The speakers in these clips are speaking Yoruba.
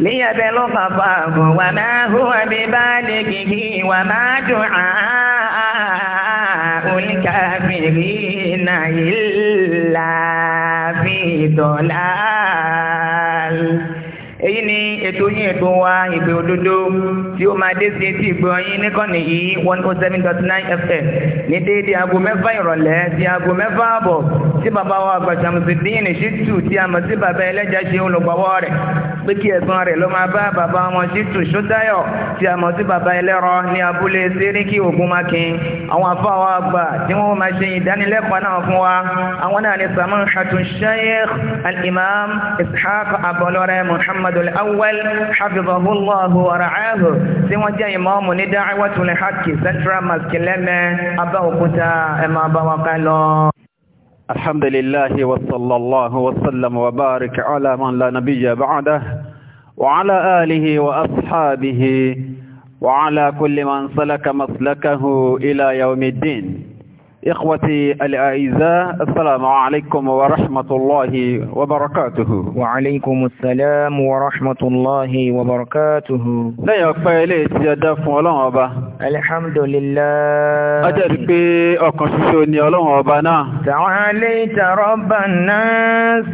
ليبلغ وما هو ببالغه وما دعاء الكافرين إلا في ضلال èyí ni ètò yín ètò wa ìpè òdodo tí ó máa dé sí etí ìgbọ́ yín níkànnì yìí one oh seven dot nine fm ní déédéé aago mẹ́fà ìrọ̀lẹ́ sí aago mẹ́fà àbọ̀ tí bàbá wa àgbàṣàmùsùn dín ní ṣítù tí a mọ̀ sí bàbá ẹlẹ́jà ṣe olùgbàwọ́ rẹ̀ pé kí ẹ̀gbọ́n rẹ̀ ló máa bá bàbá ọmọ Ṣítù Ṣótáyọ̀ tí a mọ̀ sí bàbá ẹlẹ́rọ ní abúlé Séríkì Ògúnmákin àwọn afáwa àgbà tí wọ́n máa ṣe ìdánilẹ́kọ̀ọ́ náà fún wa àwọn náà ni Samahatu Sheikh al-Imam Ishaq Abọlọ́rẹ́ Muhammad al-Awwal hafizahullahu wa tí wọ́n jẹ́ ìmọ̀ọ́mù ní Da'watul Haqq Central Mosque Lẹ́mẹ̀ Abẹ́òkúta ẹ̀mọ̀ àbáwọ̀ká lọ. الحمد لله وصلى الله وسلم وبارك على من لا نبي بعده وعلى آله وأصحابه وعلى كل من سلك مسلكه إلى يوم الدين إخوتي الأعزاء السلام عليكم ورحمة الله وبركاته وعليكم السلام ورحمة الله وبركاته لا يقفى إليه سيادف الحمد لله أجرب أقششوني ولا أبنا تعاليت رب الناس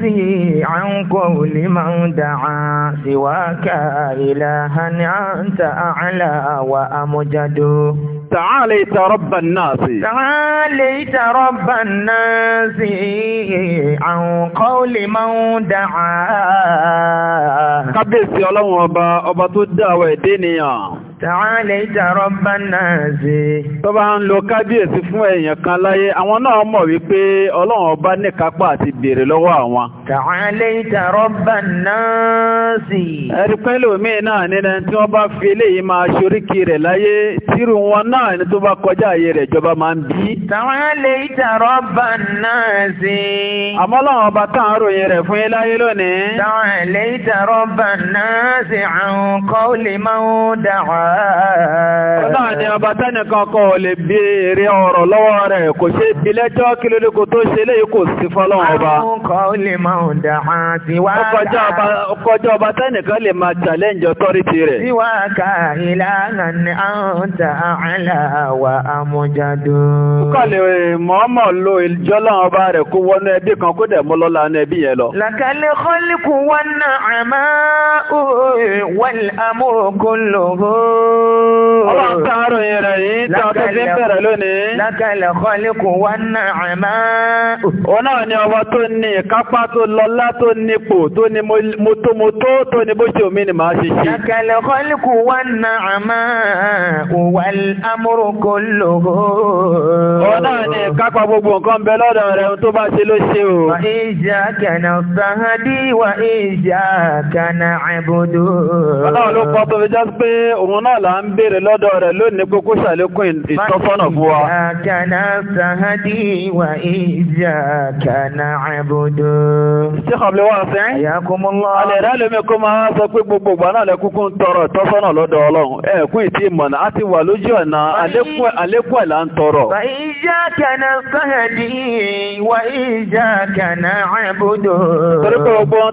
عن قول من دعا سواك إلها أنت أعلى وأمجد تعاليت رب الناس تعاليت رب الناس عن قول من دعا kábíyèsí ọlọ́run ọba ọba tó dáwọ̀ ẹ̀dẹ́ Tàálẹ̀ ìjàrọ̀ bá náà ṣe. Tó bá ń lo kábíyèsí fún èèyàn kan láyé, àwọn náà mọ̀ wípé ọlọ́run ọba níkápá àti béèrè lọ́wọ́ àwọn. Tàálẹ̀ ìjàrọ̀ bá náà ṣe. Ẹ̀rí pé lòmíì náà nínú tí wọ́n bá fi eléyìí máa ṣoríkì rẹ̀ láyé, tírù wọn náà ni tó bá kọjá àyè rẹ̀ ìjọba máa ń bí. Tàálẹ̀ ìjàrọ̀ bá náà ṣe. Àmọ́ ọlọ́run ọba táà ń ròyìn rẹ̀ fún Ọlọ́run ni ọba tẹ́nìkan kọ́ lè béèrè ọ̀rọ̀ lọ́wọ́ rẹ̀ kò ṣe ìbílẹ́jọ́ kí ló lóko tó ṣe léyìí kò sí fọ́lọ́run ọba. Àwọn kan lè máa ń dà hàn sí wá. Ọkọjọ́ ọba tẹ́nìkan lè máa challenge authority rẹ̀. Síwá ka ìlànà ni à ń ta àlà wa amújádó. Kọ́ lè mọ̀ọ́mọ̀ lo ìjọ́lọ́run ọba rẹ̀ kó wọnú ẹbí kan kó dẹ̀ mọ́ lọ́la ẹbí yẹn lọ. Làkàlẹ̀ kọ́líkù wọn náà àmọ́ òun wọ́n Ọlọ́run sáàrùn yìí rẹ̀ yìí tí ọdún fi ń bẹ̀rẹ̀ lónìí. Lákàlẹ̀ kọ́lékù wá náà máa. Òun náà ni ọmọ tó ní ìkápá tó lọ́lá tó nípò tó ní mọ́tòmọ́tò tó ní bó ṣe omi ni màá ṣe ṣe. Lákàlẹ̀ kọ́lékù wá náà máa wà amúrúkọ lòó. Òun náà ni ìkápá gbogbo nǹkan bẹ lọ́dọ̀ rẹ̀ tó bá ṣe ló ṣe o. Wà ìjà kànà sàhádì náà là ń béèrè lọ́dọ̀ rẹ̀ lónìí pé kó ṣàlékún ìtọ́sọ́nà fún wa. Kàná sàhádì wà ìjà kàná àbòdò. Ṣé kọ̀bílẹ̀ wà sí? Àyàkùnmọ́lá. Alẹ́ ìdá lómi kó máa sọ pé gbogbo ìgbà náà lẹ kúkú ń tọrọ ìtọ́sọ́nà lọ́dọ̀ Ọlọ́run. Ẹ̀kún ìtì ìmọ̀nà á ti wà lójú ọ̀nà àlékún ẹ̀ là ń tọrọ. Ìjà kàná sàhádì wà ìjà kàná àbòdò. Torí pé gbogbo ohun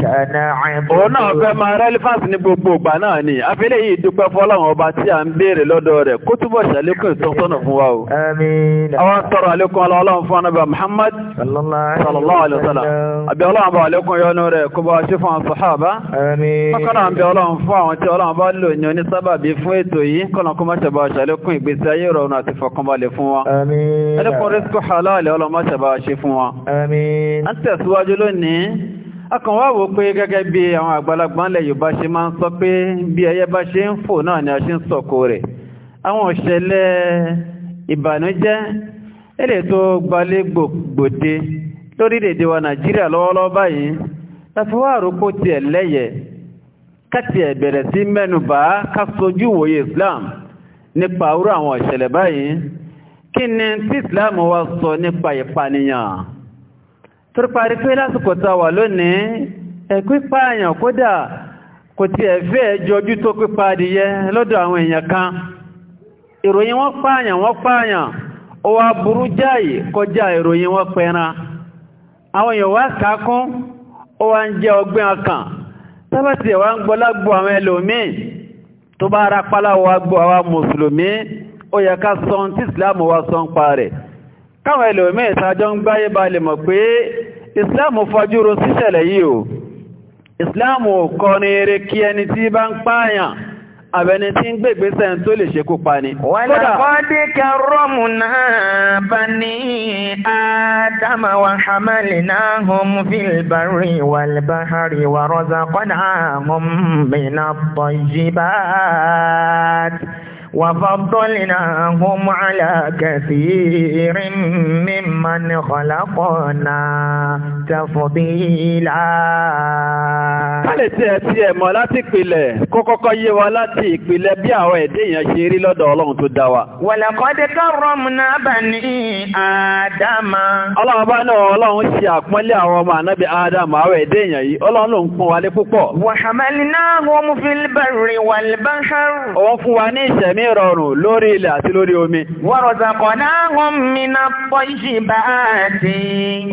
kàná àìbò. òun náà fẹ́ máa rẹ́lífàǹsì ní gbogbo ìgbà náà ni àfẹ́lẹ́ yìí dúpẹ́ fọ́lọ́run ọba tí à ń béèrè lọ́dọ̀ rẹ̀ kó túbọ̀ ṣàlékún ìtọ́sọ́nà fún wa o. àwọn tọrọ àlékún ọlọ́run fún anábà Muhammad sallallahu alayhi wa sallam àbí ọlọ́run bá àlékún yọnu rẹ̀ kó bá ṣe fún àwọn sàhábà. kọ́kọ́nà àbí ọlọ́run fún àwọn tí ọlọ́run bá lò ní onísábàbí fún ètò yìí kọ́nà kó má ṣe bá ṣàlékún ìgbésí ayé ìrọ̀rùn àti fọkànbalẹ̀ fún wa. ẹnìkan rísíkò halal ọlọ́run má ṣe bá ṣe fún wa. a ń tẹ̀síwájú lónìí akàn wá wò pé gẹ́gẹ́ bí àwọn àgbàlagbà ńlẹ̀ ṣe máa ń sọ pé bí ẹyẹ bá ṣe ń fò náà ni a ṣe ń sọ̀kò rẹ̀ àwọn òṣẹlẹ̀ ìbànújẹ́ èlé tó gbalé gbòde lórílẹ̀-èdè wa Nàìjíríà lọ́wọ́lọ́wọ́ báyìí láti wá àrókò tiẹ̀ lẹ́yẹ káti ẹ̀ bẹ̀rẹ̀ sí mẹ́nubà ká Islam nípa irú torí parí pé lásìkò tá wà lónìí ẹ̀pípa àyàn kódà kò ti ẹ̀fẹ́ jọjú tó pípa adìyẹ lọ́dọ̀ àwọn èèyàn kan ìròyìn wọ́n pààyàn wọ́n pààyàn ó wá burú jáì kọjá ìròyìn wọ́n pẹran àwọn èèyàn wá káwọn ẹlòmíì ìsájọ́ ń gbáyé ba lè mọ̀ pé ìsìláàmù fajúro síṣẹ̀lẹ̀ yìí o ìsìláàmù kọ́ ní eré kí ẹni tí bá ń pààyàn àbẹni tí ń gbègbè sẹ́yìn tó lè ṣekú pa ní ádámà wà وفضلناهم على كثير ممن خلقنا تفضيلا kálẹ̀ tí ẹ láti ìpìlẹ̀ kó yé wa láti ìpìlẹ̀ bí àwọn ẹ̀dẹ́ èèyàn ṣe rí lọ́dọ̀ ọlọ́run tó dá wa. ولقد náà ọlọ́run ní ìrọ̀rùn lórí ilẹ̀ àti lórí omi. Warzaqnahum minat-tayyibati.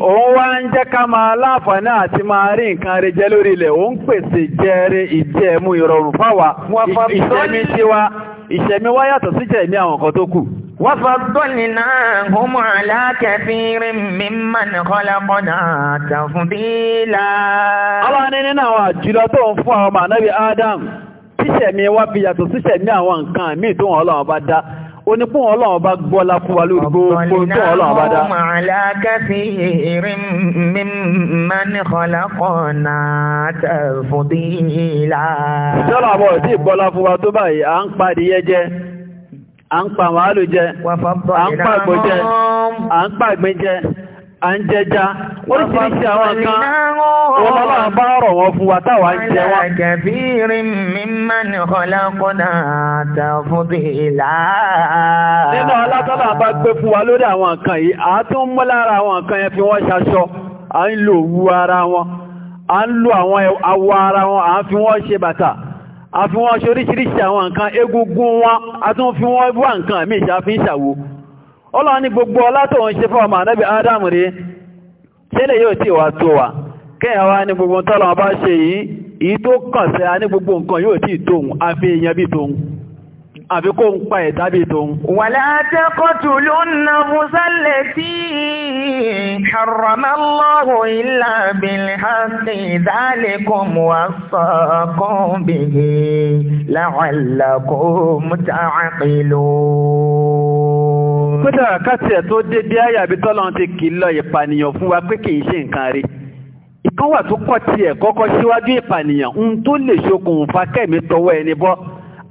Òun wá ń jẹ́ ká máa láǹfààní àti máa rí nǹkan rẹ jẹ lórí ilẹ̀, òun pèsè jẹrẹ ìjẹmú ìrọ̀rùn fáwa. wa yàtọ̀ sí jẹ̀mí àwọn nínú àwọn àjùlọ tó ń fún àwọn ọmọ ànábì Ádámù tíṣẹ̀mí wá fi yàtọ̀ síṣẹ̀mí àwọn nǹkan àmì tó wọn ọlọ́run bá dá ó ní fún ọlọ́run bá gbọ́lá fún wa lórí gbogbo tó ọlọ́run bá dá. ọ̀pọ̀lọpọ̀ aláàkàtì ìrìn mímọ́ ní kọlákọ̀ọ́nà tẹ̀fùdílà. ìṣọ́lá àbọ̀ tí ìgbọ́lá fún wa tó báyìí à ń padìyẹ jẹ à ń pa màálù jẹ à ń pàgbò jẹ à ń pàgbé jẹ à ń jẹja oríṣiríṣi àwọn kan wọn bá bá rọ̀ wọn fún wa táwa ń jẹ wọn. kẹfìrí mímọ́ ní ọ̀làkúnà tàfúbí ìlà. nínú alátọ́lá bá gbé fún wa lórí àwọn nǹkan yìí àá tún mú lára àwọn nǹkan yẹn fi wọ́n ṣaṣọ à ń lo òwú ara wọn à ń lo àwọn awọ ara wọn à ń fi wọ́n ṣe bàtà à fi wọ́n ṣe oríṣiríṣi àwọn nǹkan egungun wọn a tún fi wọ́n wá nǹkan míì ṣe àfi ọlọ́run ni gbogbo ọlá tó ń ṣe fọ́ọ̀mà nẹ́bí Ádámù rí tẹ́lẹ̀ yóò tí wà tó wà kẹ́yàn ní gbogbo tọ́lọ̀ bá ṣe yìí èyí tó kàn sí a ní gbogbo nǹkan yóò tí tóun a èèyàn bí àbí kó ń pa ẹ̀dá bí tó ń. wala taqtulunna nafsallati haramallahu illa tó dédé àyàbí tọ́lọ́ ti kìlọ̀ ìpànìyàn fún wa pé kì ṣe nǹkan rí ìkan wà tó kọ́ tiẹ̀ kọ́kọ́ síwájú ìpànìyàn ń tó lè ṣokùnfà kẹ́mi tọwọ́ ẹni bọ́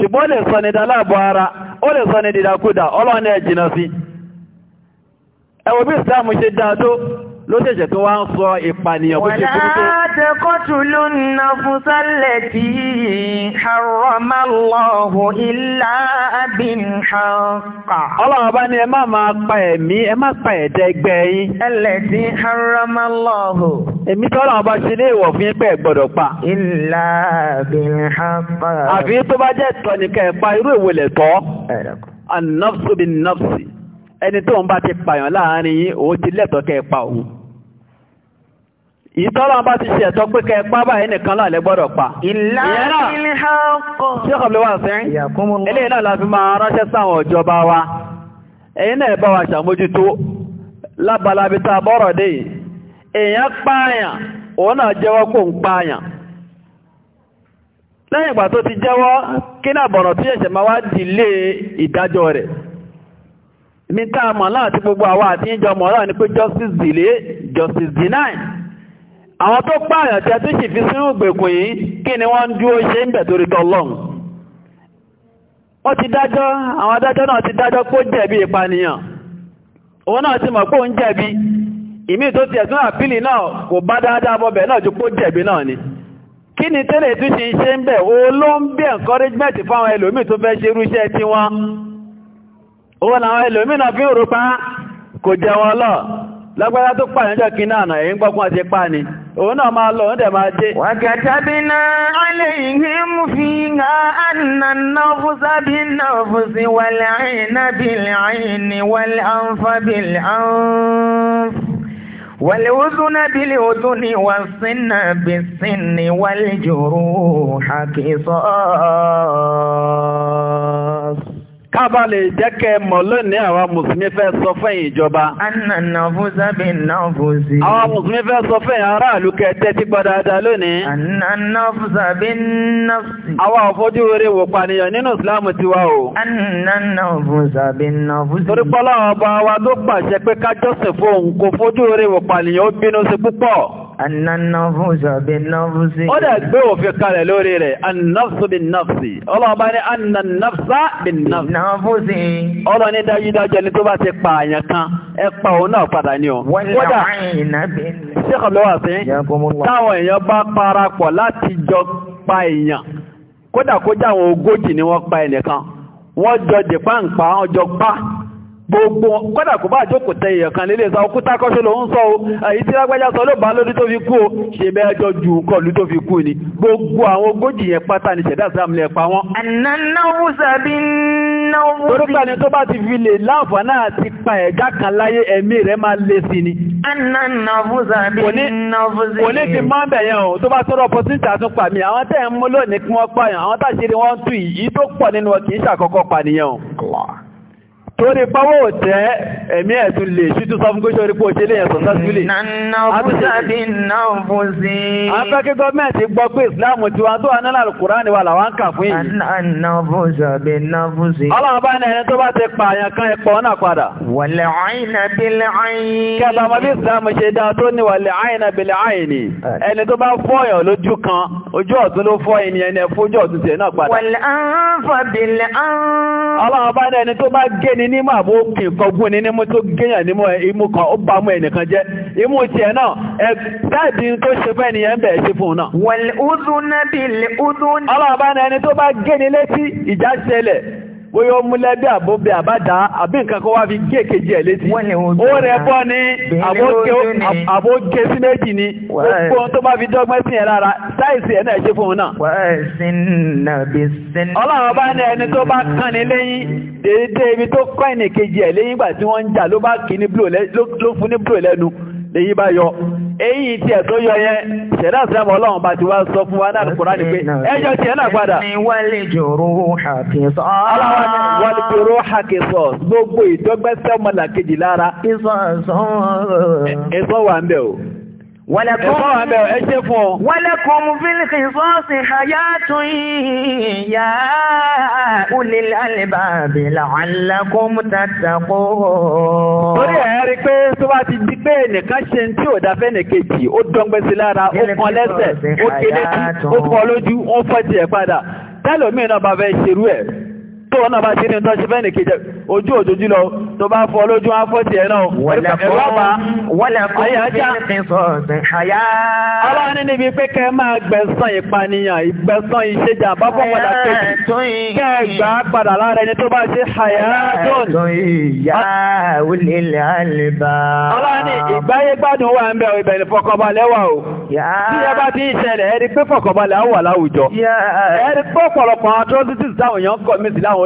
ṣùgbọ́n lè sọ ní dáláàbọ̀ ara ó lè sọ ní dìdàkúdà ọlọ́ni ẹ̀jìnà sí ẹwọ bí ṣe dáadó ló ṣẹ̀ṣẹ̀ tó wá ń sọ ìpànìyàn bó ṣe burú tó. wàlá tẹ́kọ̀tù ló ń na fún sálẹ̀ tí haramallahu illa bin haqqa. ọlọ́run bá ní ẹ má máa pa ẹ̀mí ẹ má pa ẹ̀dẹ́ ẹgbẹ́ yín. ẹlẹ̀ tí haramallahu. èmi tí ọlọ́run bá ṣe ní ìwọ̀ fún pẹ́ gbọ́dọ̀ pa. illa bin haqqa. àfi tó bá jẹ́ tọ́ nìkan ẹ̀ pa irú ìwòlẹ̀ tọ́. an-nafsu bin nafsi. ẹni tó ń bá ti pààyàn láàrin yín òun ti lẹ́tọ̀ọ́ kẹ́ ẹ pa òun ìtọ́lọ́n bá ti ṣe ẹ̀tọ́ pé kẹ́ ẹ pa báyìí nìkan láàlẹ́ gbọ́dọ̀ pa ìyẹn náà tí ọkọ̀ ló wà sẹ́yìn eléyìí náà la fi máa ránṣẹ́ sáwọn ìjọba wa ẹ̀yin náà bá wa ṣàmójútó lábalábi tá a bọ́rọ̀ dé èèyàn pààyàn òun náà jẹ́wọ́ kó ń ti jẹ́wọ́ kí náà bọ̀rọ̀ tí ẹ̀ṣẹ̀ máa wá dìlé ìdájọ́ mi tá a ti gbogbo àwọn àti ìjọ ni pé justice delay justice deny àwọn tó pààyàn tí a tó fi sínú ìgbèkùn yìí kí ni wọ́n ń dúró ṣe ń bẹ̀ torí ti dájọ́ àwọn adájọ́ náà ti dájọ́ pé jẹ̀bi ìpànìyàn òun náà ti mọ̀ pé òun jẹ̀bi ìmí tó ti ẹ̀sùn àpìlì náà kò bá dáadáa bọ́bẹ̀ náà ju jẹ̀bi ni kí ni tẹ́lẹ̀ tún ṣe ń ṣe ń bẹ̀ encouragement fáwọn tó fẹ́ ṣerú iṣẹ́ owó làwọn ẹlòmínà fi ń rò pa kò jẹun ọlọ́ lágbára tó pàyànjọ́ kí náà nà èyí ń gbọ́kún àti pa ni òun náà máa lọ oúnjẹ máa dé. wàkàtàbínà aléyìn fi ha ànà náfúsá bí náfúsí wàlẹ̀ àìnà bílẹ̀ àìní wàlẹ̀ àǹfà bílẹ̀ àǹfà والأذن بالأذن والسن بالسن kábà lè jẹ́ kẹ mọ̀ lónìí àwọn mùsùlùmí fẹ́ sọ fẹ́yìn ìjọba. Ànànà fúnṣẹ́bì náà fò sí. Àwọn mùsùlùmí fẹ́ sọ fẹ́yìn aráàlú kẹtẹ́ tí gbọ́dá lónìí. Àwọn òfojú orí wò pànìyàn nínú ìsìláàmù ti wá o. Ànànà ọba wa ló pàṣẹ pé ká jọ́sìn fún òun kò fojú orí wò pànìyàn ó bínú sí púpọ̀. Annanafúnṣà bí náfúsí. Ó dẹ̀ gbé òfin kalẹ̀ lórí rẹ̀, annafúsí bí náfúsí. Ọlọ́ọ̀bá ní annanafúsá bí náfúsí. Náfúsí. Ọlọ́ ní dájúdájọ́ ni tó bá ti pa àyàn kan, ẹ pa òun náà padà ní o. Wọ́n láàrín ìnábí. Ṣé kọ̀ lọ́wọ́ sí? Táwọn èèyàn bá parapọ̀ láti pa èèyàn. Kódà kó jáwọn ogójì ni wọ́n pa ẹnìkan. Wọ́n jọ dìpá ń pa, wọ́n jọ pa gbogbo kọ́dà kò bá jókòó tẹ èèyàn kan lélẹ̀ sọ òkúta kọ́ṣe ló sọ o èyí tí lágbájá sọ ló lórí tó fi kú o ṣe bẹ́ẹ̀ ju nǹkan lórí tó fi kú ni gbogbo àwọn ogójì yẹn pátá ni ṣẹ̀dá sàmìlẹ̀ pa wọn tù torí pàwọ́ òtẹ́ ẹ̀mí ẹ̀tún lè ṣítú sọ fún kóṣọ́ orípò òṣèlé yẹn sọ sásílẹ̀. nana bùsàdì náà fún sí. afẹ́kẹ́ gọ́ọ̀mẹ̀ntì gbọ́ pé ìsìláàmù tiwa tó wà nínú àlùkùránì wà làwọn kà fún yìí. nana bùsàdì náà fún sí. ọlọ́run bá ní ẹni tó bá ti pààyàn kan ẹ̀pọ̀ náà padà. wàlẹ̀ àyìnà bílẹ̀ àyìn. kẹta ọmọ bí ìsìláàmù ṣe dáa tó ní wàlẹ̀ àyìnà bílẹ̀ àyìn ni ẹni tó bá fọyàn lójú kan ojú ọ̀tún ló fọ ènìyàn ní ẹ̀fọ́ ojú ọ̀tún tiẹ̀ náà padà. wàlẹ̀ àǹfà bílẹ̀ àǹfà. ọlọ́run bá ní ẹni tó bá gé ni ní máa bó kìkan gún ní nímú tó gẹ́yàn nímú imú kan ó bámú ẹnìkan jẹ́ imú ti ẹ̀ náà ẹ tó ṣe fẹ́ ni ẹ̀ bẹ̀ẹ̀ sí fún náà. wọ̀lẹ̀ údún náà bí ilẹ̀ údún. ọlọ́ọ̀bá ni bóyá ó múlẹ̀ bí àbóbẹ̀ àbádá àbí nǹkan kan wá fi gé èkejì ẹ̀ létí ó rẹ bọ́ ni àbóké sí méjì ni gbogbo ohun tó bá fi dọ́gbẹ́ sí ẹ̀ lára sáìsì ẹ̀ náà ṣe fún un náà. ọlọ́run bá ní ẹni tó bá kàn ní lẹ́yìn déédé ibi tó kọ́ ìnìkejì ẹ̀ lẹ́yìn ìgbà tí wọ́n ń jà ló fún ní blu lẹ́nu lẹ́yìn bá yọ eyi ti ẹ̀ tó yọ yẹn ṣẹ̀dá ìsìlámù ọlọ́run bá ti wá sọ fún wa náà kùránì pé ẹjọ́ tí ẹ padà wọ́lẹ̀ gbogbo wà ń bẹ̀ o Wọ́lẹ́kùn fílìkì sọ́ọ̀sì hayátun yá ulè alìbàbì làálàkùn tàtàkó. Torí ẹ̀ rí pé tó bá ti di pé nìkan ṣe tí ò dáfẹ́ nìkejì, ó dọ́gbẹ́ sí lára, ó kan lẹ́sẹ̀, ó kéré tí, ó kọ lójú, ó fọ́ tó wọ́n náà bá ṣe ní tó ṣe fẹ́ni kejì ojú òjòjú lọ tó bá fọ́ lójú wọn fọ́ tiẹ̀ náà ẹ̀rọ bá ayé ajá ọlọ́run ní pé kẹ́ máa gbẹ̀san ìpànìyàn ìgbẹ̀san ìṣèjà bá bọ́ padà kejì kẹ́ gbà padà lára ẹni tó bá ṣe hayatun ọlọ́run ní ìgbáyé gbádùn wà ń bẹ̀ ìbẹ̀ fọkànbalẹ̀ wà o bí ẹ bá ti ń ṣẹlẹ̀ ẹni pé fọkànbalẹ̀ á wà láwùjọ ẹni pé ọ̀pọ̀lọpọ̀ atrocities táwọn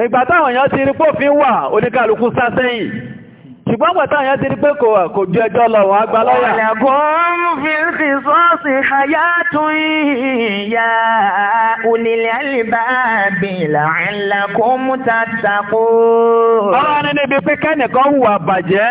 ìgbà táwọn èèyàn ti rí pófin wà oníkàlùkù sá sẹ́yìn ṣùgbọ́n pàtà àyà ti rí pé kò kò ju ẹjọ́ lọ wọ́n agbá lọ́yà. ọ̀làkùn níbi pé kẹ́nìkan hùwà bàjẹ́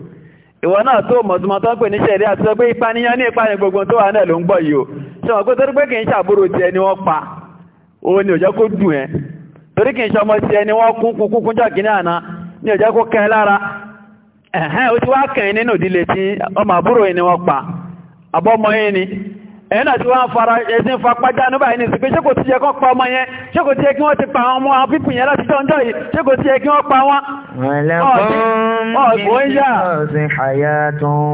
ìwọ náà tó mọ̀túnmọ̀ tó ń pè ní ṣẹ̀rí àti sọ pé ìpànìyàn ní ìpànìyàn gbogbo tó wà náà ló ń gbọ́ yìí o ṣe wọ́n pé torí pé kì í ṣàbúrò ti ẹni wọ́n pa òun ní ò kó dùn ẹ́ torí kì í ṣọmọ ti ẹni wọ́n kún kún kún jọ kìíní àná ẹ̀nà tí wọ́n fara ẹ̀sìn fapájá ní báyìí ní ìsìnkú ṣé kò ti yẹ kán pa ọmọ yẹn ṣé kò ti yẹ kí wọ́n ti pa àwọn ọmọ àwọn pípìn yẹn láti jọ́njọ́ yìí ṣé kò ti yẹ kí wọ́n pa wọ́n. ọ̀gbọ́n yà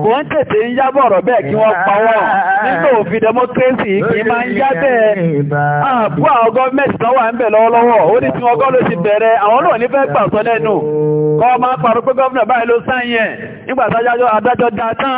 kò ń tètè ń yábọ̀ ọ̀rọ̀ bẹ́ẹ̀ kí wọ́n pa wọ́n nígbà òfin democracy kì í máa ń yá bẹ́ẹ̀ àbú àwọn gọ́ọ̀mẹ̀ntì tán wà ń bẹ̀ lọ́wọ́lọ́wọ́ ó ní tí wọ́n gọ́ ló ti bẹ̀rẹ̀ àwọn náà ní fẹ́ gbà sọ lẹ́nu kọ́ máa parọ́ pé gọ́ọ̀mẹ̀ntì báyìí ló sáyẹn nígbà adájọ́ dá tán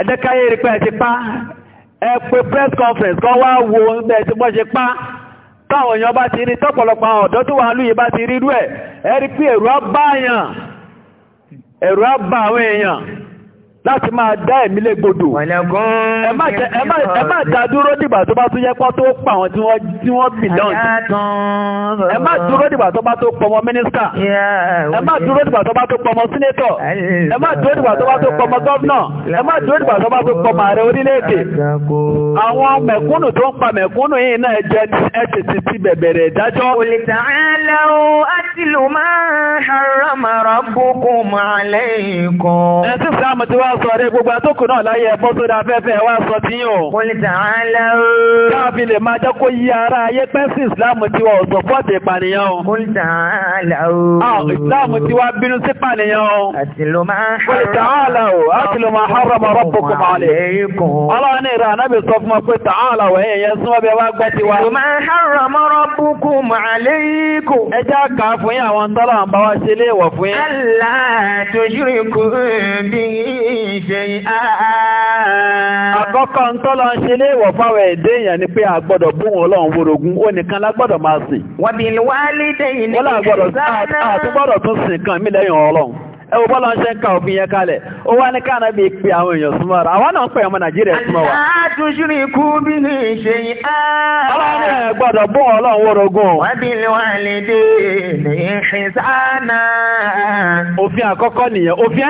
ẹ̀dẹ́káyé rí pẹ́ ti pa ẹ pé press conference kan wá wo ẹ̀ tí wọ́n ṣe pa táwọn èèyàn bá ti rí tọ́pọ̀lọpọ̀ àwọn ọ̀dọ́ tó wà lú yìí bá ti rí rú ẹ̀ ẹ pé ẹ̀rù bá àwọn èèyàn láti máa dá ẹ̀mí légbodò. ẹ má dá dúró dìgbà tó bá tún yẹ pọ́ tó pa àwọn tí wọ́n bì lọ́n. ẹ má dúró dìgbà tó bá tó pọmọ mínísítà. ẹ má dúró dìgbà tó bá tó pọmọ sínétọ̀. ẹ má dúró dìgbà tó bá tó pọmọ gọ́vnà. ẹ má dúró dìgbà tó bá tó pọmọ ààrẹ orílẹ̀-èdè. àwọn mẹ̀kúnnù tó ń pa mẹ̀kúnnù yìí náà jẹ́ ẹ̀sì ti ti bẹ̀bẹ̀rẹ̀ sọ̀rẹ́ gbogbo àtókù náà láyé ẹbọ́ tó dá fẹ́fẹ́ wá sọ tí yíò. Kòlìtà aláwọ̀. Káàfi lè máa jẹ́ kó yí ara ayé pẹ́sì ìsìláàmù tí wọ́n fọ́ọ̀tì ìpànìyàn. Kòlìtà aláwọ̀. Àwọn ìsìláàmù tí bínú sí pànìyàn. Àtìló máa ń hàrọ̀. Kòlìtà lè. Ọlọ́run wá gbọ́ ti wá. máa ń hàrọ̀ mọ̀ rọ́pùkù máa lè kò. Ẹ já kà á yín شيئا Àkọ́kọ́ ń tọ́lọ ń ṣe léèwọ̀ fáwọn èdè èèyàn ni pé a gbọ́dọ̀ bú wọn lọ́wọ́ wórogún, ó nìkan lágbọ́dọ̀ máa sìn. Wa bil walidayni ihsana. Wọ́n lágbọ́dọ̀ tún sìn kan mílẹ̀ yàn ọlọ́run. ẹwọ bọ́lá ń ṣe ń ka òfin yẹn kalẹ̀ ó wá ní káàná bí pé àwọn èèyàn súnmọ́ ara àwọn náà ń pè ọmọ nàìjíríà súnmọ́ wa. àtúnṣírí kú bí ní ṣe yín á. bí lè ní òfin àkọ́kọ́ nìyẹn òfin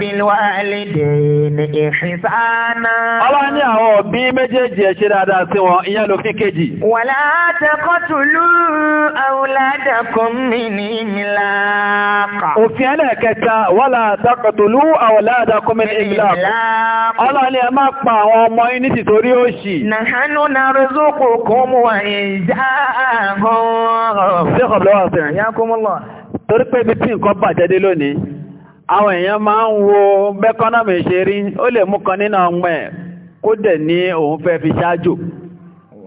bí lè ní ní àwọn òbí méjèèjì dáadáa wọ́lá takọ̀tòlú àwọ̀láàdá kọmìn ìlàkù. Ọlọ́ ni ẹ máa pa àwọn ọmọ yìí nítì torí ó ṣì. Nàhánú na rẹ̀zókò kún mú wà ìjá àgọ́ Torí pé ibi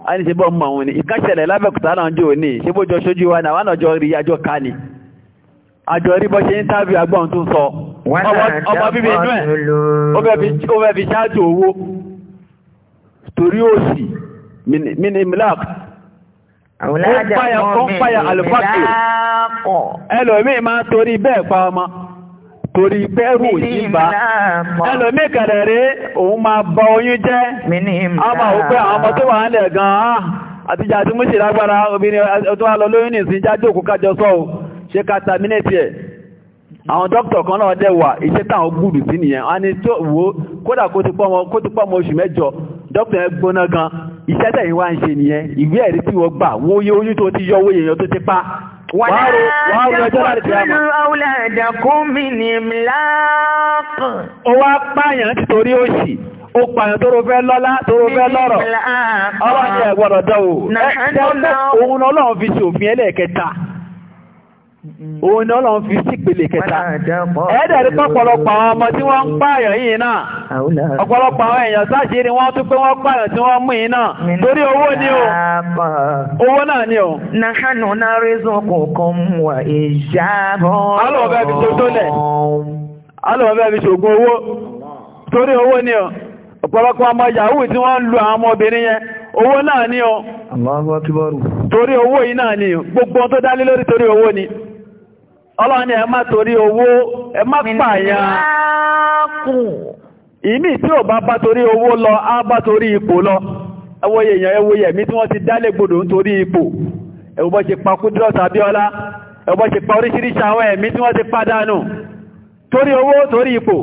a ní ṣe bọ́ mọ̀ òun ìkánṣẹ̀lẹ̀ lábẹ́kùtà náà jò ní ṣe bójọ ṣojú wa náà wà rí àjọ ká ni. àjọ rí bọ́ ṣe ń tàbí tó sọ ọba bíbí inú ẹ̀ ó fẹ́ fi ṣáàtì owó torí òsì minimilak ó páyà kan páyà alifákì ẹlòmí máa torí bẹ́ẹ̀ pa ọmọ torí pẹ́rù ìbá ẹlòmí kẹrẹ rí òun máa bọ oyún jẹ́ ọmọ òpé àwọn ọmọ tó wà ń lẹ̀ gan-an àtijọ́ àti ṣe ká terminate ẹ̀ àwọn dókítà kan náà dẹ̀ wà iṣẹ́ táwọn gbùdù sí nìyẹn a ní tó wo kódà kó ti pọ́ mọ oṣù mẹ́jọ dókítà yẹn gbóná gan iṣẹ́ tẹ̀yìn wá ń ṣe nìyẹn ìwé ẹ̀rí tí wọ́n gbà wọ́n yé oyún tó ti yọ owó èèyàn tó ti pa ولا ó pààyàn títorí òṣì ó pààyàn tó rofẹ́ lọ́lá lọ́rọ̀ ọlọ́run ẹ̀ gbọ́dọ̀ dánwò ẹ̀ tẹ́ òun ọlọ́run fi ṣòfin ẹlẹ́ẹ̀kẹta òun ni ọlọ́run fi sípele kẹta ẹ̀ẹ́dẹ̀rí pọ̀pọ̀lọpọ̀ àwọn ọmọ tí wọ́n ń pààyàn yìí náà ọ̀pọ̀lọpọ̀ àwọn èèyàn sáàṣì ni wọ́n tún pé wọ́n pààyàn tí wọ́n mú yìí náà torí owó ni o owó náà ni o. nahanu narzuqukum wa iyahum. alọ́wọ́ bẹ́ẹ̀ fi owó ni o àwọn torí owó yìí náà ni gbogbo tó dálé lórí torí ni. ọlọ́ni ẹ má torí owó ẹ má pààyàn ìmí tí ò bá bá torí owó lọ á bá torí ipò lọ ẹwọ èèyàn ẹwọ yẹ̀mí tí wọ́n ti dálé gbòdò nítorí ipò ẹwọ bọ́ ṣe pa Kúdírọ̀tù Abíọ́lá ẹwọ bọ́ ṣe pa oríṣiríṣi àwọn ẹ̀mí tí wọ́n ti pàdánù torí owó torí ipò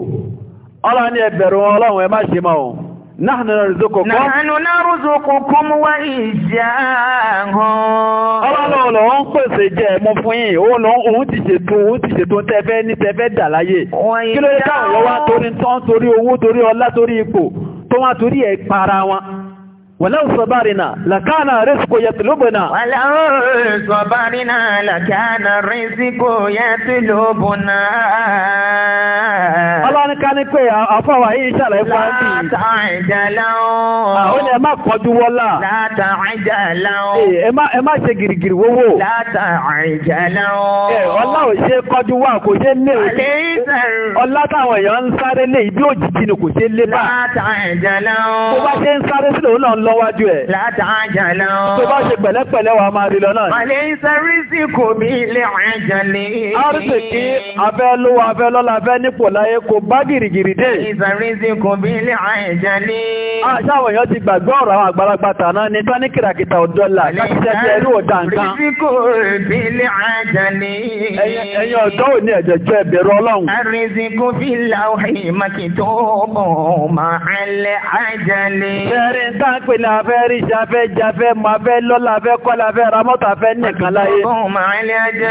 ọlọ́ni ẹ bẹ̀rù Ọlọ́run ẹ má ṣe mọ́ ohun Nahnu narzuqukum. Nahnu narzuqukum wa iyyahum. Ọlọ́run lọ ń pèsè jẹ mú fún yìí, ó lọ òun ti ṣètò òun ti ṣètò tẹ́fẹ́ ní tẹ́fẹ́ dà láyé. Kí ló dé káwọn wá torí tán ولو صبرنا لكان الرزق يطلبنا ولو صبرنا لكان الرزق يطلبنا Ọlọ́run ká ní pé àfọwà yìí ṣàlẹ̀ fún àbí. Láta àjàlá ooo. Àwọn ẹ má kọjú wọ́lá. Láta àjàlá ooo. Ẹ má ṣe gìrìgìrì wówó. Láta àjàlá ooo. Ọlá ò ṣe kọjú wà kò ṣe lé o. Àlẹ́ ìsẹ̀rù. Ọlá táwọn èèyàn ń sáré lé ibi òjijì ni kò ṣe lé bá. Láta àjàlá ooo. Bó bá ṣe ń sáré sílẹ̀ òun náà ń lọ bọ́ wájú ẹ̀. látàjà lọ. tó bá ṣe pẹ̀lẹ́pẹ̀lẹ́ wa máa rí lọ màlẹ́ ìsẹ́rí sí kò bí ilé ọ̀ẹ́jà lè. àrísì kí abẹ́ lówó abẹ́ lọ́la abẹ́ nípò láyé kò bá gìrìgìrì dé. ìsẹ́rí sí kò bí ilé ọ̀ẹ́jà lè. àṣàwọ̀ èèyàn ti gbàgbọ́ ọ̀rọ̀ àwọn àgbàlagbà tàná ní tọ́ní kìràkìtà òdọ́là káṣíṣẹ́ ti ẹrú ilé afẹ́ rí ṣafẹ́ jafẹ́ mafẹ́ lọ́la afẹ́ kọ́la afẹ́ ramọ́ta afẹ́ nìkan láyé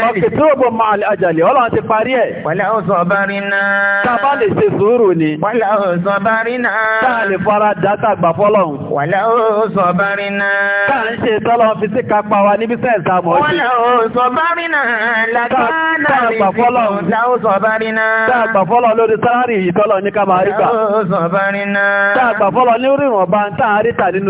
mọ̀kìtúròbò máa àjàlẹ̀ ọlọ́run ti parí ẹ̀ wọ́lá ó bá rí náà tàbá lè ṣe sùúrù ni wọ́lá ó sọ bá rí náà táà lè fara dátà gbà fọ́lọ́run wọ́lá ó sọ bá rí náà táà ń ṣe tọ́lọ́ fi sí kápá wa níbi sẹ́ẹ̀sà mọ̀ sí wọ́lá ó sọ bá rí náà látàá gbà fọ́lọ́run táà sọ bá rí náà táà gbà fọ́lọ́run lórí sáárì ìtọ́lọ́ ní ká máa rí gbà táà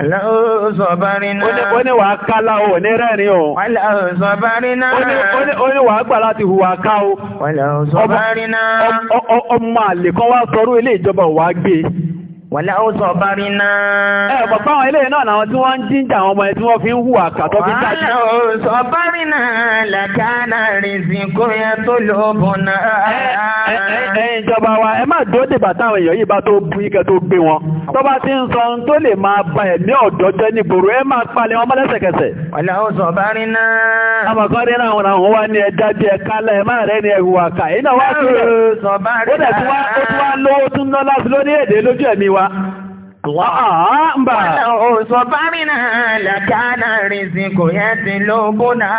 Aláòsọ̀bárínà. Ó ní wàá ká láwọ̀ ní rẹ̀rin o. Aláòsọ̀bárínà. Ó ní wàá gbà láti hùwà ká o. Aláòsọ̀bárínà. Ọmọ àlè kan wá sọrú ilé ìjọba wàá gbé. Wàlá ó sọ bá rí náà. Ẹ bọ̀ báwọn ilé náà làwọn tí wọ́n ń jíjà àwọn ọmọ ẹ̀ tí wọ́n fi ń hùwà kàtọ́ fi dájú. Wàlá ó sọ bá rí náà làkàrà rìnzìn kó yẹ tó lóògùn náà. Ẹ ìjọba wa ẹ má dúró dìgbà táwọn èèyàn yìí bá tó bu ike tó gbé wọn. Tó bá ti ń sọ ohun tó lè máa ba ẹ̀mí ọ̀dọ́ jẹ́ ní gbòòrò ẹ máa palẹ̀ wọn lẹ́sẹ̀kẹsẹ̀. Wàlá ó sọ bá rí náà. Àmọ̀kọ́ rí náà ni ẹja bí ẹ Àmbà. Ọ̀sọ̀ bá mi náà làkánà rìnzìn kò yẹ ti ló bóná.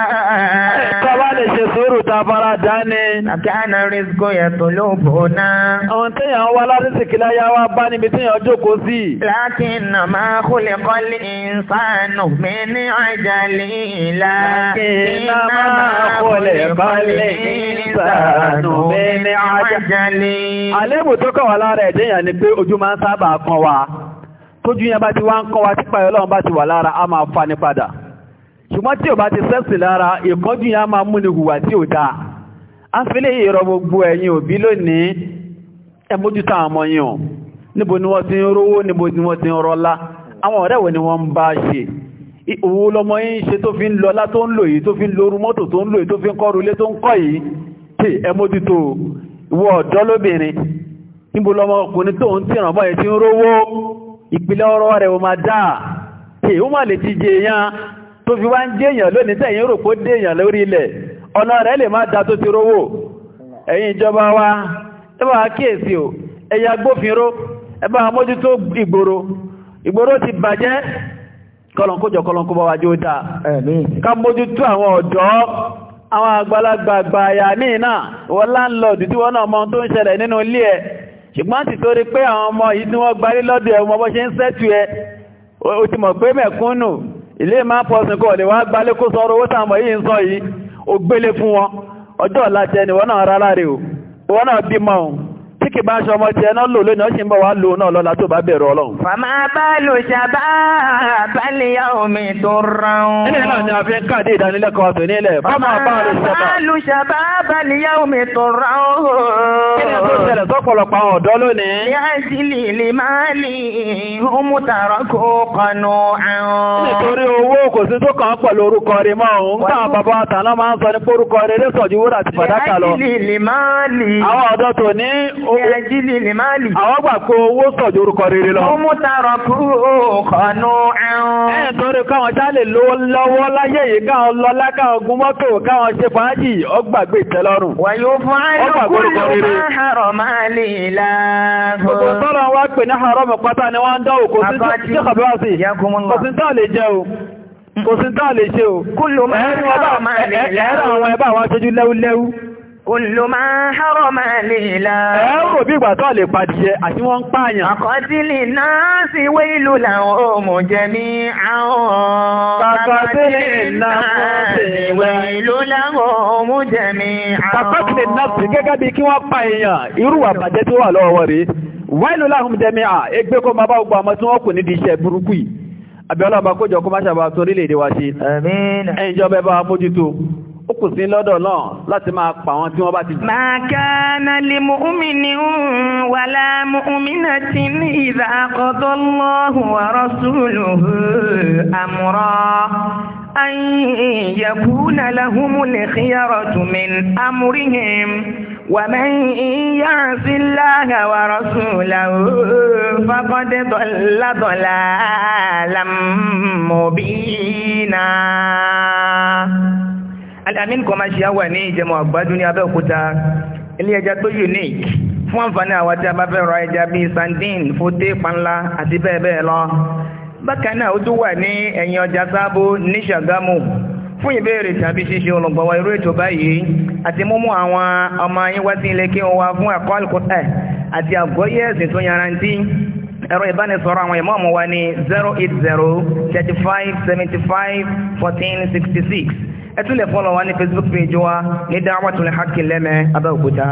Tọ́bá lè ṣe sùúrù ta fara dání. Làkánà rìnzìn kò yẹ tó ló bóná. Àwọn téèyàn wá lásìsì kí láyá wá bá níbi téèyàn jókòó sí. Lákìnà máa kólé kọ́lé ìsánù mi ní àjàlè ìlà. Lákìnà máa kólé kọ́lé ìsánù mi ní àjàlè. Àlébù tó kàn wá lára ẹ̀dẹ́yàn tójú yẹn bá ti wá ń kọ́ wa típa ọlọ́run bá ti wà lára a máa fa ní padà ṣùgbọ́n tí ò bá ti sẹ́sì lára ìkánjú yẹn a máa mú ni hùwà tí ò dáa a fi lè yí gbogbo ẹ̀yin òbí lónìí ẹ mójútó àwọn níbo ni wọ́n ti ń rówó níbo ni wọ́n ti ń rọ́lá àwọn ọ̀rẹ́ wo ni wọ́n ń bá ṣe òwò lọmọ yìí ń ṣe tó fi ń lọlá tó ń lò yìí tó fi ń lorú mọ́tò tó ń lò yìí tó fi ń kọ́rù tó ń kọ́ yìí tí ẹ ìwọ ọ̀dọ́ lóbìnrin níbo lọmọ ọkùnrin tó ń tìrànbọ̀ yìí ti ń rówó ìpìlẹ̀ ọ̀rọ̀ rẹ̀ o máa dáa pé o máa lè ti jẹ èèyàn tó fi wá ń jẹ èèyàn lónìí tẹ̀yìn rò dé èèyàn lórí ilẹ̀ ọ̀nà rẹ̀ lè máa da tó ti rówó ẹ̀yin ìjọba wa ẹ kíyèsí o gbófinró mójútó ìgboro ìgboro ti bàjẹ́ ṣùgbọ́n ti torí pé àwọn ọmọ yìí tí wọ́n gbarí lọ́dọ̀ ẹ̀wọ̀n bọ́ ṣe ń sẹ́tù ẹ o ti mọ̀ pé mẹ̀kúnnù ilé máa pọ̀sùn kọ̀ lè wá gbalé kó sọ́rọ̀ owó tààmọ̀ yìí ń sọ yìí ó gbélé fún wọn ọjọ́ ọ̀la wọ́n tí kì bá ṣọmọ tí ẹná lò lónìí ọ́ṣìn bọ̀ wá lò náà lọ́la tó bá bẹ̀rù ọlọ́run. fàmà bá lò ṣàbá àbálẹ̀yà omi tó rán. ilé náà ni a fi ń káàdé ìdánilẹ́kọ̀ọ́ tó nílẹ̀. fàmà bá lò ṣàbá àbálẹ̀yà omi tó rán. ilé tó ṣẹlẹ̀ sọ́pọ̀lọpọ̀ àwọn ọ̀dọ́ lónìí. ní àṣìlì lè máa lè hùmù kanú àwọn. nítorí owó kò sí Ìyẹn jílì lè máa lì. Àwọn gbà kó owó sọ̀jọ orúkọ rere lọ. Ó mú tààrọ̀ kú ọ̀nù ẹ̀rùn. Ẹ torí káwọn jálè lọ́wọ́ láyé yìí káwọn lọ́lá káwọn gun mọ́tò káwọn ṣe fàájì ọgbàgbé ìtẹ́lọ́rùn. Wà yóò fún ayọ́kúrò máa Kùlù máa hárọ̀ máa lè la. Ẹ ń rò bí ìgbà tó lè padìyẹ àti wọ́n ń pààyàn. Àkọsílì náà sì wé ìlú làwọn òmù jẹ ní àwọn. Kàkọsílì náà sì wé ìlú làwọn òmù jẹ ní àwọn. Kàkọsílì náà sì gẹ́gẹ́ bí kí wọ́n pa èèyàn irú àbàjẹ́ tó wà lọ́wọ́ rèé. Wáìlú làwọn jẹ́mi à égbé kó máa bá gbọ́ ọmọ tí wọ́n kù nídìí iṣẹ́ ó kù sí lọ́dọ̀ náà láti máa pa wọn tí wọ́n bá ti jù. Máa kana li mu'minin wala mu'minatin idha qada Allahu wa rasuluhu amra an yakuna lahumul khiyaratu min amrihim wa man ya'si Allaha wa rasulahu faqad dalla dalalan mubina alamin commercial wà ní ìjẹmọ̀ àgbájú ní abẹ́òkúta ilé ẹja tó unique fún àǹfààní àwọn tí a bá fẹ́ ra ẹja bíi sandin fóté panla àti bẹ́ẹ̀ bẹ́ẹ̀ lọ bákan náà ó tún wà ní ẹ̀yìn ọjà sábó ní ṣàgámù fún ìbéèrè tàbí ṣíṣe olùgbọ̀wọ́ irú ètò báyìí àti múmú àwọn ọmọ yín wá sí ilé kí wọ́n wá fún ẹ̀kọ́ àlùkọ́tẹ̀ àti àgbọ́yé ẹ̀sìn tó yarantí ẹ̀rọ ìbánisọ̀rọ̀ àwọn ìmọ̀ọ́mù wa ní zero eight zero thirty five seventy five fourteen sixty six ẹ tún lè fọ́lọ̀ wa ní Facebook page wa ní Da'watul Haqqi lẹ́mẹ́ Abẹ́òkúta